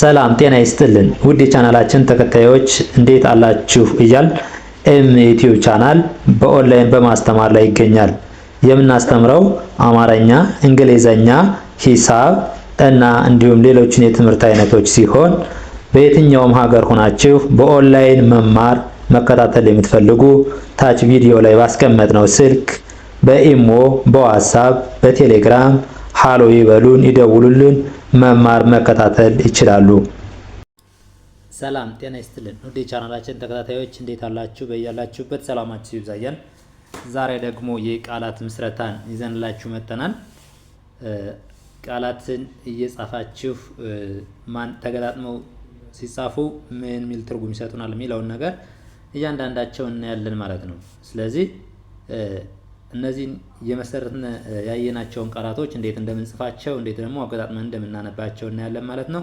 ሰላም ጤና ይስጥልን ውድ የቻናላችን ተከታዮች እንዴት አላችሁ? እያል ኤም ዩቲዩብ ቻናል በኦንላይን በማስተማር ላይ ይገኛል። የምናስተምረው አማርኛ፣ እንግሊዘኛ፣ ሂሳብ እና እንዲሁም ሌሎችን የትምህርት አይነቶች ሲሆን በየትኛውም ሀገር ሆናችሁ በኦንላይን መማር መከታተል የምትፈልጉ ታች ቪዲዮ ላይ ባስቀመጥ ነው ስልክ በኢሞ፣ በዋትሳፕ፣ በቴሌግራም ሃሎ ይበሉን፣ ይደውሉልን መማር መከታተል ይችላሉ። ሰላም ጤና ይስጥልን ወደ ቻናላችን ተከታታዮች እንዴት አላችሁ? በያላችሁበት ሰላማችሁ ይብዛያል። ዛሬ ደግሞ የቃላት ምስረታን ይዘንላችሁ መጥተናል። ቃላትን እየጻፋችሁ ማን ተገጣጥመው ሲጻፉ ምን ሚል ትርጉም ይሰጡናል የሚለውን ነገር እያንዳንዳቸው እናያለን ማለት ነው። ስለዚህ እነዚህን የመሰረትን ያየናቸውን ቃላቶች እንዴት እንደምንጽፋቸው እንዴት ደግሞ አገጣጥመን እንደምናነባቸው እናያለን ማለት ነው።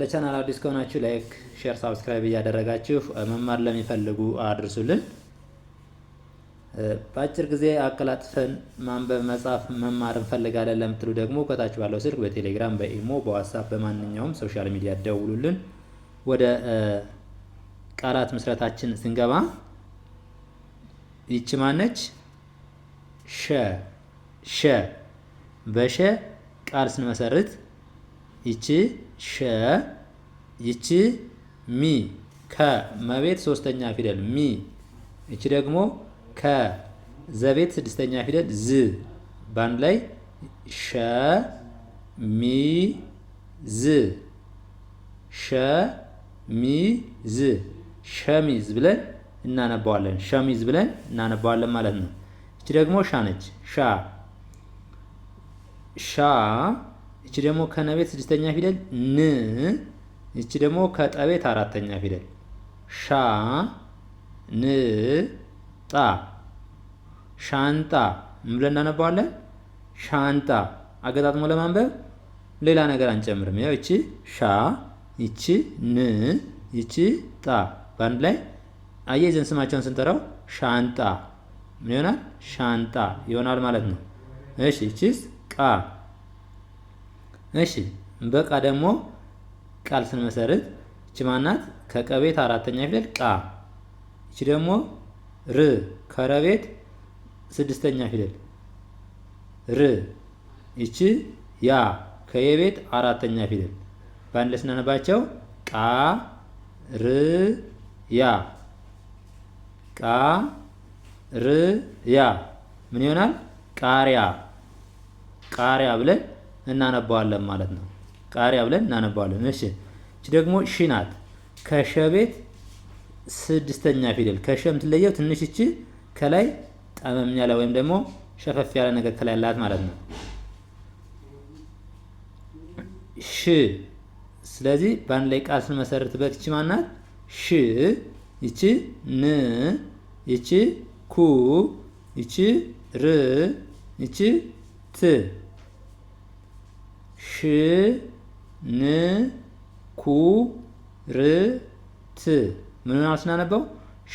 ለቻናል አዲስ ከሆናችሁ ላይክ፣ ሼር፣ ሳብስክራይብ እያደረጋችሁ መማር ለሚፈልጉ አድርሱልን። በአጭር ጊዜ አቀላጥፈን ማንበብ፣ መጻፍ፣ መማር እንፈልጋለን ለምትሉ ደግሞ ከታች ባለው ስልክ በቴሌግራም፣ በኢሞ፣ በዋትሳፕ በማንኛውም ሶሻል ሚዲያ ደውሉልን። ወደ ቃላት ምስረታችን ስንገባ ይቺ ማነች? ሸ ሸ በሸ ቃል ስንመሰርት ይቺ ሸ ይቺ ሚ ከመቤት ሶስተኛ ፊደል ሚ ይቺ ደግሞ ከዘቤት ስድስተኛ ፊደል ዝ በአንድ ላይ ሸ ሚ ዝ ሸ ሚ ዝ ሸሚዝ ብለን እናነባዋለን። ሸሚዝ ብለን እናነባዋለን ማለት ነው። እቺ ደግሞ ሻ ነች። ሻ ሻ። እቺ ደግሞ ከነቤት ስድስተኛ ፊደል ን። እቺ ደግሞ ከጠቤት አራተኛ ፊደል ሻ ን ጣ ሻንጣ ብለን እናነባዋለን። ሻንጣ አገጣጥሞ ለማንበብ ሌላ ነገር አንጨምርም። ያው እቺ ሻ ይቺ ን ይቺ ጣ በአንድ ላይ አያይዘን ስማቸውን ስንጠራው ሻንጣ ይሆናል ሻንጣ ይሆናል ማለት ነው። እሺ ቺስ ቃ። እሺ በቃ ደግሞ ቃል ስንመሰርት እቺ ማናት? ከቀቤት አራተኛ ፊደል ቃ። እቺ ደግሞ ር ከረቤት ስድስተኛ ፊደል ር። እቺ ያ ከየቤት አራተኛ ፊደል በአንድ ላይ ስናነባቸው ቃ ር ያ ቃ ርያ ምን ይሆናል? ቃሪያ ቃሪያ ብለን እናነባዋለን ማለት ነው። ቃሪያ ብለን እናነባዋለን። እሺ እቺ ደግሞ ሺ ናት። ከሸ ቤት ስድስተኛ ፊደል ከሸ የምትለየው ትንሽ እቺ ከላይ ጠመም ያለ ወይም ደግሞ ሸፈፍ ያለ ነገር ከላይ ያላት ማለት ነው። ሽ ስለዚህ በአንድ ላይ ቃል ስንመሰርትበት ይቺ ማናት? ሽ ይቺ ን ይቺ ኩ ይቺ ር ይቺ ት ሽ ን ኩ ር ት ምን ስናነበው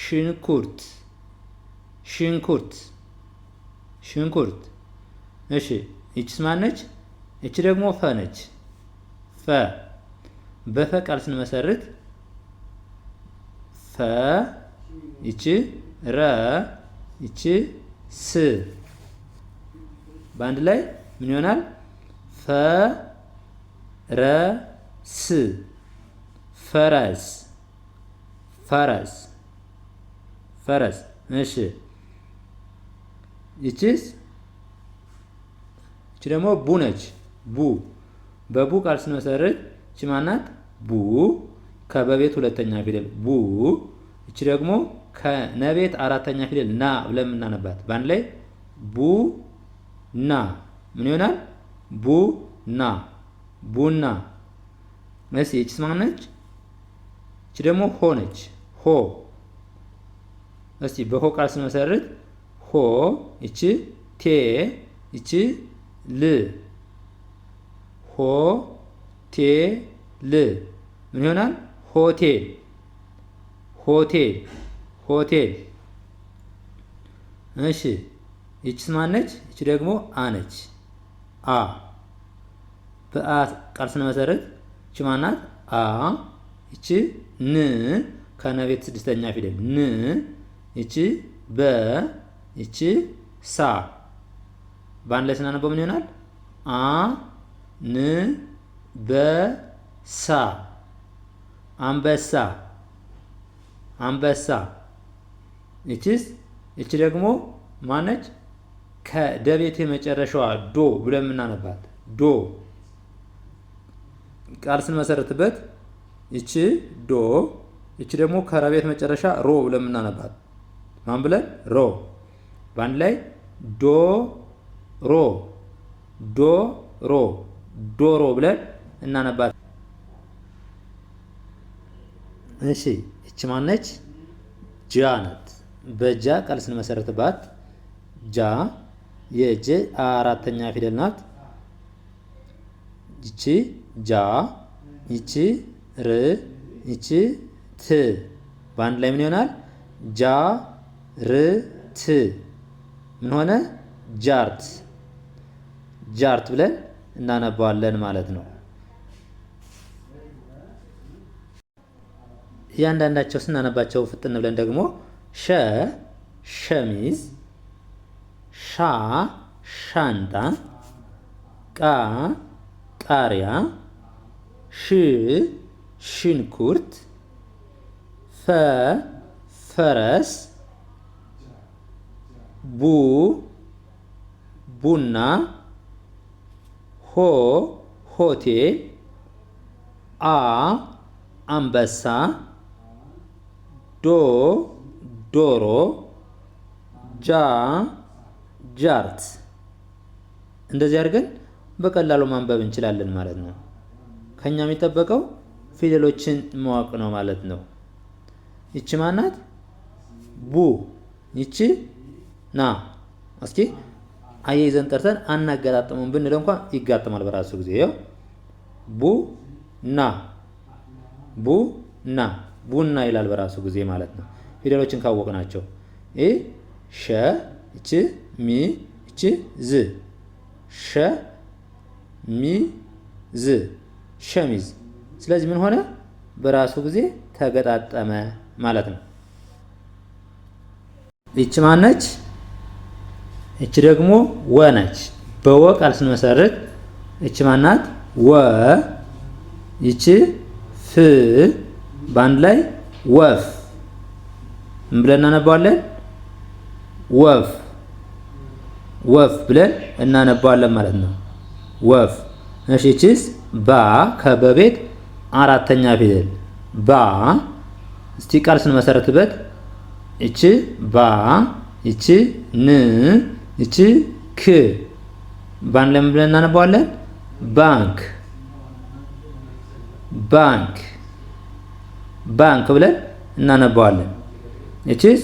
ሽንኩርት ሽንኩርት ሽንኩርት። እሺ ይቺስ ማነች? ይቺ ደግሞ ፈ ነች። ፈ በፈ ቃል ስንመሰርት ፈ ይቺ ረ ይቺ ስ በአንድ ላይ ምን ይሆናል? ፈረስ ፈረስ ፈረስ ፈረስ። እሺ ይቺስ ይቺ ደግሞ ቡ ነች። ቡ በቡ ቃል ስንመሰርት ይቺ ማናት? ቡ ከበቤት ሁለተኛ ፊደል ቡ። ይቺ ደግሞ ከነቤት አራተኛ ፊደል ና ብለን የምናነባት በአንድ ላይ ቡ ና ምን ይሆናል? ቡ ና ቡና። እሺ ይቺስ ማን ነች? ይቺ ደግሞ ሆ ነች። ሆ እስቲ በሆ ቃል ስመሰርት ሆ ይቺ ቴ ይቺ ል ሆ ቴ ል ምን ይሆናል? ሆቴል ሆቴል ሆቴል። እሺ ይቺስ ማነች? ይቺ ደግሞ አነች አ በአ ቃል ስንመሰረት ይቺ ማናት? አ ይቺ ን ከነቤት ስድስተኛ ፊደል ን ይቺ በ ይቺ ሳ በአንድ ላይ ስናነበው ምን ይሆናል? አ ን በ ሳ አንበሳ አንበሳ ይቺስ ይቺ ደግሞ ማነች? ከደቤት የመጨረሻዋ ዶ ብለን የምናነባት ዶ ቃል ስንመሰርትበት ይቺ ዶ፣ ይቺ ደግሞ ከረቤት መጨረሻ ሮ ብለን የምናነባት ማን ብለን ሮ። በአንድ ላይ ዶ ሮ ዶ ሮ ዶሮ ብለን እናነባት። እሺ ይቺ ማነች? ጃ ናት። በጃ ቃል ስንመሰረትባት ጃ የጀ አራተኛ ፊደል ናት። ይቺ ጃ፣ ይቺ ር፣ ይቺ ት በአንድ ላይ ምን ይሆናል? ጃ ር ት ምን ሆነ? ጃርት ጃርት ብለን እናነባዋለን ማለት ነው። እያንዳንዳቸው ስናነባቸው ፍጥን ብለን ደግሞ ሸ ሸሚዝ፣ ሻ ሻንጣ፣ ቃ ቃሪያ፣ ሽ ሽንኩርት፣ ፈ ፈረስ፣ ቡ ቡና፣ ሆ ሆቴል፣ አ አንበሳ፣ ዶ ዶሮ፣ ጃ፣ ጃርት እንደዚህ አድርገን በቀላሉ ማንበብ እንችላለን ማለት ነው። ከኛ የሚጠበቀው ፊደሎችን ማወቅ ነው ማለት ነው። ይቺ ማናት? ቡ። ይቺ ና። እስኪ አያይዘን ጠርተን አናገጣጥመውን ብንለው እንኳ ይጋጥማል በራሱ ጊዜ። ያው ቡ ና፣ ቡ ና፣ ቡና ይላል በራሱ ጊዜ ማለት ነው። ፊደሎችን ካወቅ ናቸው ኢ ሸ እች ሚ እች ዝ ሸ ሚ ዝ ሸሚዝ። ስለዚህ ምን ሆነ? በራሱ ጊዜ ተገጣጠመ ማለት ነው። ማን ማነች? እች ደግሞ ወ ነች። በወ ቃል ስንመሰርት እች ማናት? ወ ይች ፍ በአንድ ላይ ወፍ ብለን እናነባዋለን። ወፍ ወፍ ብለን እናነባዋለን ማለት ነው። ወፍ። እሺ ቺስ ባ ከበቤት አራተኛ ፊደል ባ። እስቲ ቃል ስንመሰረትበት እቺ ባ፣ እቺ ን፣ እቺ ክ ባን ለምን ብለን እናነባዋለን? ባንክ ባንክ ባንክ ብለን እናነባዋለን። እቺስ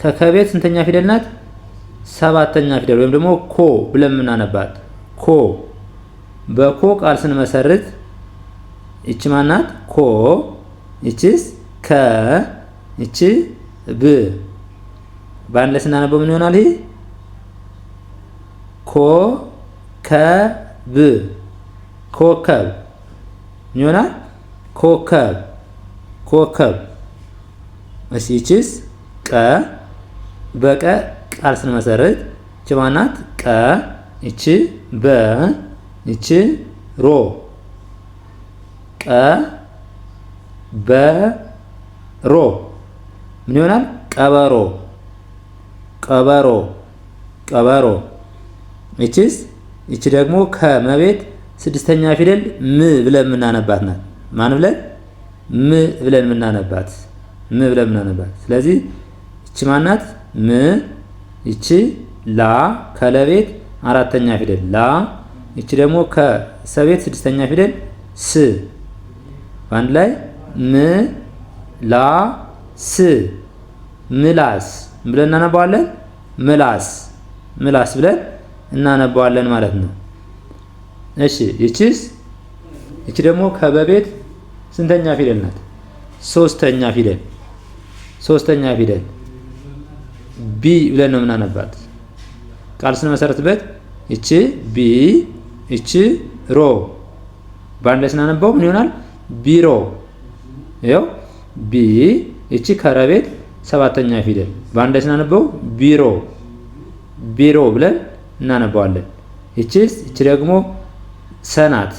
ከከቤት ስንተኛ ፊደል ናት? ሰባተኛ ፊደል ወይም ደግሞ ኮ ብለን የምናነባት ኮ። በኮ ቃል ስንመሰርት እቺ ማናት? ኮ። እቺስ ከ። እቺ ብ። በአንድ ላይ ስናነበው ምን ይሆናል? ይሄ ኮ ከ ብ ኮከብ ምን ይሆናል? ኮከብ ኮከብ። እሺ ይቺስ ቀ በቀ ቃል ስንመሰርት እች ማናት ቀ እች በ እች ሮ ቀ ሮ ምን ይሆናል? ቀበሮ ቀበሮ ቀበሮ። እችስ እች ደግሞ ከመቤት ስድስተኛ ፊደል ም ብለን የምናነባት ናት። ማን ብለን? ም ብለን የምናነባት ም ብለን የምናነባት ስለዚህ ማናት ም ይቺ ላ ከለቤት አራተኛ ፊደል ላ ይቺ ደግሞ ከሰቤት ስድስተኛ ፊደል ስ በአንድ ላይ ም ላ ስ ምላስ ብለን እናነባዋለን። ምላስ ምላስ ብለን እናነባዋለን ማለት ነው። እሺ ይቺስ ይቺ ደግሞ ከበቤት ስንተኛ ፊደል ናት? ሶስተኛ ፊደል ሶስተኛ ፊደል ቢ ብለን ነው የምናነባት። ቃል ስንመሰረትበት እቺ ቢ እቺ ሮ በአንድ ላይ ስናነባው ምን ይሆናል? ቢሮ። ይኸው ቢ እቺ ከረቤት ሰባተኛ ፊደል በአንድ ላይ ስናነበው ቢሮ ቢሮ ብለን እናነባዋለን። እቺስ እቺ ደግሞ ሰናት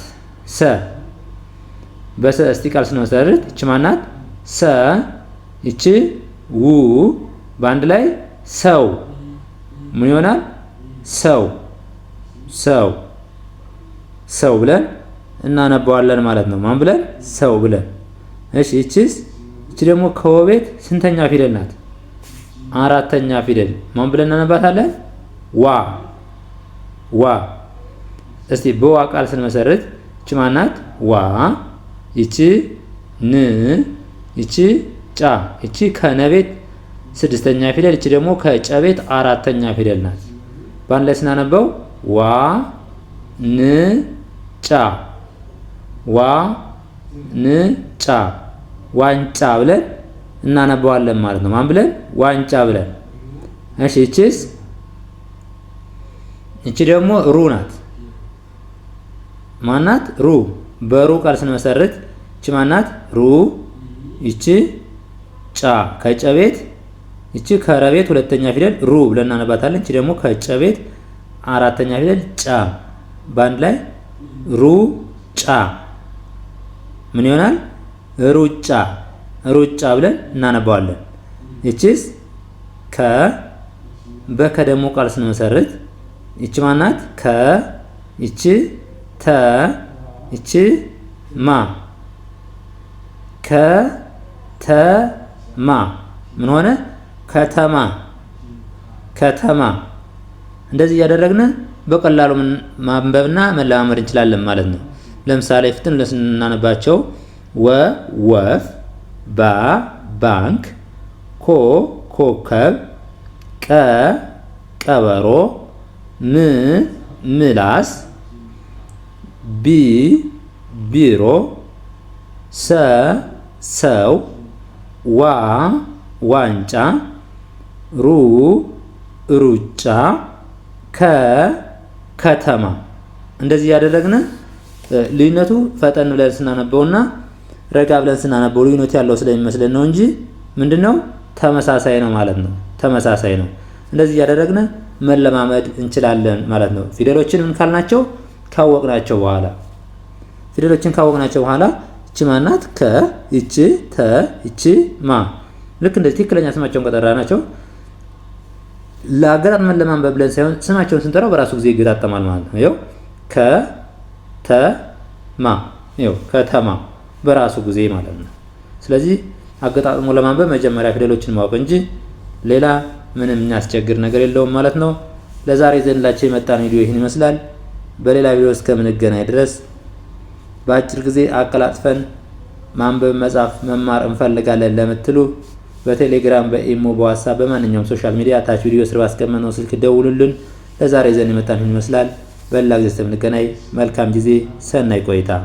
ሰ በሰ እስቲ ቃል ስንመሰርት እቺ ማናት? ሰ እቺ ው በአንድ ላይ ሰው ምን ይሆናል? ሰው ሰው ሰው ብለን እናነባዋለን ማለት ነው። ማን ብለን? ሰው ብለን። እሺ እቺስ? እቺ ደግሞ ከወቤት ስንተኛ ፊደል ናት? አራተኛ ፊደል። ማን ብለን እናነባታለን? ዋ ዋ። እስቲ በዋ ቃል ስንመሰርት እቺ ማናት? ዋ። ይቺ ን፣ ይቺ ጫ፣ ይቺ ከነቤት ስድስተኛ ፊደል እቺ ደግሞ ከጨቤት አራተኛ ፊደል ናት። በአንድ ላይ ስናነበው ዋ ን ጫ ዋ ን ጫ ዋንጫ ብለን እናነበዋለን ማለት ነው። ማን ብለን? ዋንጫ ብለን። እሺ እቺስ? እቺ ደግሞ ሩ ናት። ማናት? ሩ በሩ ቃል ስንመሰርት እቺ ማናት? ሩ። እቺ ጫ ከጨቤት ይቺ ከረቤት ሁለተኛ ፊደል ሩ ብለን እናነባታለን። እቺ ደግሞ ከጨቤት አራተኛ ፊደል ጫ። በአንድ ላይ ሩ ጫ ምን ይሆናል? ሩጫ ሩጫ ብለን እናነባዋለን። እቺስ ከ በከ ደግሞ ቃል ስንመሰርት እቺ ማናት? ከ እቺ ተ እቺ ማ ከ ተ ማ ምን ሆነ? ከተማ ከተማ እንደዚህ እያደረግን በቀላሉ ማንበብና መለማመድ እንችላለን ማለት ነው። ለምሳሌ ፊትን ለስናነባቸው ወ ወፍ፣ ባ ባንክ፣ ኮ ኮከብ፣ ቀ ቀበሮ፣ ም ምላስ፣ ቢ ቢሮ፣ ሰ ሰው፣ ዋ ዋንጫ ሩ ሩጫ ከ ከተማ እንደዚህ ያደረግነ ልዩነቱ ፈጠን ብለን ስናነበውና ረጋ ብለን ስናነበው ልዩነት ያለው ስለሚመስለን ነው እንጂ ምንድነው ተመሳሳይ ነው ማለት ነው። ተመሳሳይ ነው። እንደዚህ እያደረግን መለማመድ እንችላለን ማለት ነው። ፊደሎችን ምን ካልናቸው ካወቅናቸው በኋላ ፊደሎችን ካወቅናቸው በኋላ እቺ ማናት ከ፣ ይቺ፣ ተ፣ ይቺ፣ ማ ልክ እንደዚህ ትክክለኛ ስማቸውን ከጠራናቸው ለአገጣጥመን ለማንበብ ብለን ሳይሆን ስማቸውን ስንጠራው በራሱ ጊዜ ይገጣጠማል ማለት ነው። ይኸው ከተማ ይኸው ከተማ በራሱ ጊዜ ማለት ነው። ስለዚህ አገጣጥሞ ለማንበብ መጀመሪያ ፊደሎችን ማወቅ እንጂ ሌላ ምንም የሚያስቸግር ነገር የለውም ማለት ነው። ለዛሬ ዘንላቸው የመጣን ቪዲዮ ይህን ይመስላል። በሌላ ቪዲዮ እስከምንገናኝ ድረስ በአጭር ጊዜ አቀላጥፈን ማንበብ፣ መጻፍ፣ መማር እንፈልጋለን ለምትሉ በቴሌግራም በኢሞ በዋሳ በማንኛውም ሶሻል ሚዲያ ታች ቪዲዮ ስር ባስቀመጥነው ስልክ ደውሉልን። ለዛሬ ዘን የመጣን ይመስላል። በላግ ጊዜ መልካም ጊዜ፣ ሰናይ ቆይታ